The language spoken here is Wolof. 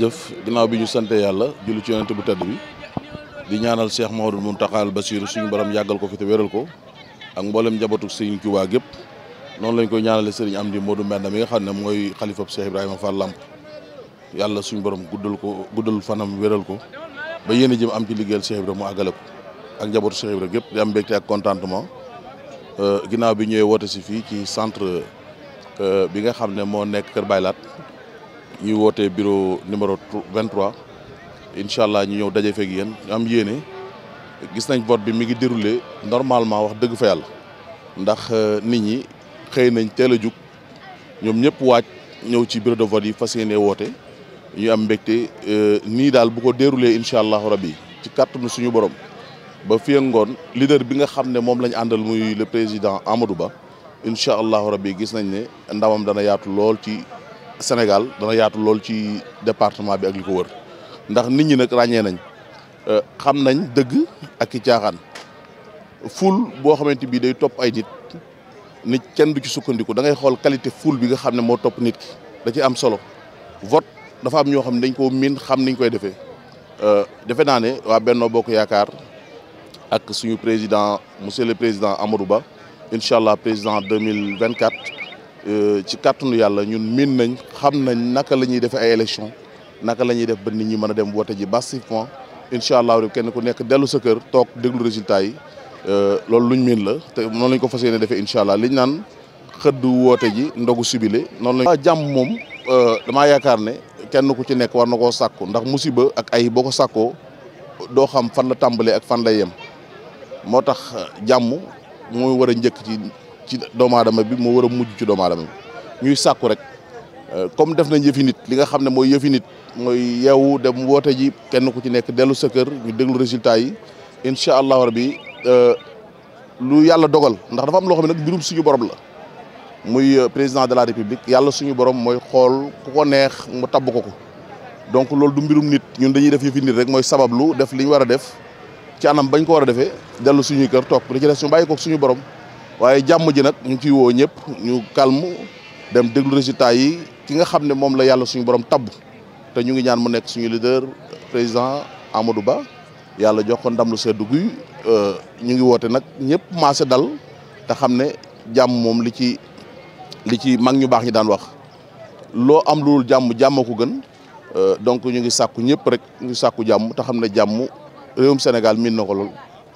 jëf ginnaaw bi ñu sante yàlla julli ci yonent bu tedd bi di ñaanal Cheikh Mouhamadou Mountakha Bassirou suñu borom yàggal ko fi te wéral ko ak mboolem njabootu Serigne Touba gépp noonu lañ koy ñaanale Serigne Amdi Modou Mbenda mi nga xam ne mooy xalifab Cheikh Ibrahima Fall Lamp yàlla suñu borom guddal ko guddal fanam wéral ko ba yéen ji jëm am ci liggéeyal Cheikh Ibrahima mu àggale ko ak njabootu Cheikh Ibrahima gépp di am mbégte ak contentement euh, ginnaaw bi ñëwee woote si fii ci centre euh, bi nga xam ne moo nekk Kër Baylaat ñuy wootee bureau numéro 23 incha allah ñu ñëw daje feeg yéen am yéene gis nañ vote bi mi ngi déroulé normalement wax dëgg fa yàlla ndax euh, nit ñi xëy nañ teel a jug ñoom ñëpp waaj ñëw ci bureau de vote yi fas yéene woote ñu am mbégte euh, nii daal bu ko déroulé incha allahu rabi ci kàttanu suñu borom ba fii ngoon leader bi nga xam ne moom lañ àndal muy le président Amadou Ba incha allahu rabi gis nañ ne ndamam dana yaatu lool ci. Sénégal dana yaatu lool ci département bi ak ko wër ndax nit ñi nag ràññee nañ euh, xam nañ dëgg ak i caaxaan ful boo xamante bi day topp ay nit nit kenn du ci sukkandiku da ngay xool qualité ful bi nga xam ne moo topp nit ki da ci am solo vote dafa am ñoo xam ne dañ koo miin xam niñ koy defee euh, defe naa ne waa benn Bokk Yaakaar ak suñu président monsieur le président Amadou Ba incha allah président 2024 Euh, ci kàttanu yàlla ñun miin nañ xam nañ naka la ñuy defee ay élection naka la ñuy def ba nit ñi mën a dem woote ji massivement incha allah kenn ku nekk dellu sa kër toog déglu résultat yi euh, loolu luñ miin la te noonu lañ ko fas yéene defee incha allah liñ naan xëdd woote ji ndogu sibile noonu la jàmm moom euh, damaa yaakaar ne kenn ku ci nekk war na koo sàkku ndax musiba ak ay boo ko sàkkoo doo xam fan la tàmbalee ak fan la yem moo tax jàmm mooy war a njëkk ci ci doomu aadama bi moo war a mujj ci doomu bi ñuy sàkku rek euh, comme def nañ yëfinit li nga xam ne mooy yëfi mooy yeewu dem woote ji kenn ku ci nekk dellu sa kër ñu déglu résultat yi incha allahu rabbi euh, lu yàlla dogal ndax dafa am loo xam ne nag mbirum suñu borom la muy euh, président de la république yàlla suñu borom mooy xool ku ko neex mu tabb ko ko donc loolu du mbirum nit ñun dañuy def yëfi rek mooy sabablu def li ñu war a def ci bañ ko war a defee dellu suñuy kër toog li ci des ñu bàyyi ko suñu borom waaye jàmm ji nag ñu ciy woo ñëpp ñu calme dem déglu résultat yi ki nga xam ne moom la yàlla suñu borom tabb te ñu ngi ñaan mu nekk suñu leader président Amadou Ba yàlla jox ko ndam lu sedd guy euh, ñu ngi woote nag ñëpp maase dal te xam ne jàmm moom li ci li ci mag ñu baax ñi daan wax loo am lu dul jàmm jàmm ko gën euh, donc ñu ngi sàkku ñëpp rek ñu ngi sàkku jàmm te xam ne jàmm réewum Sénégal miin na ko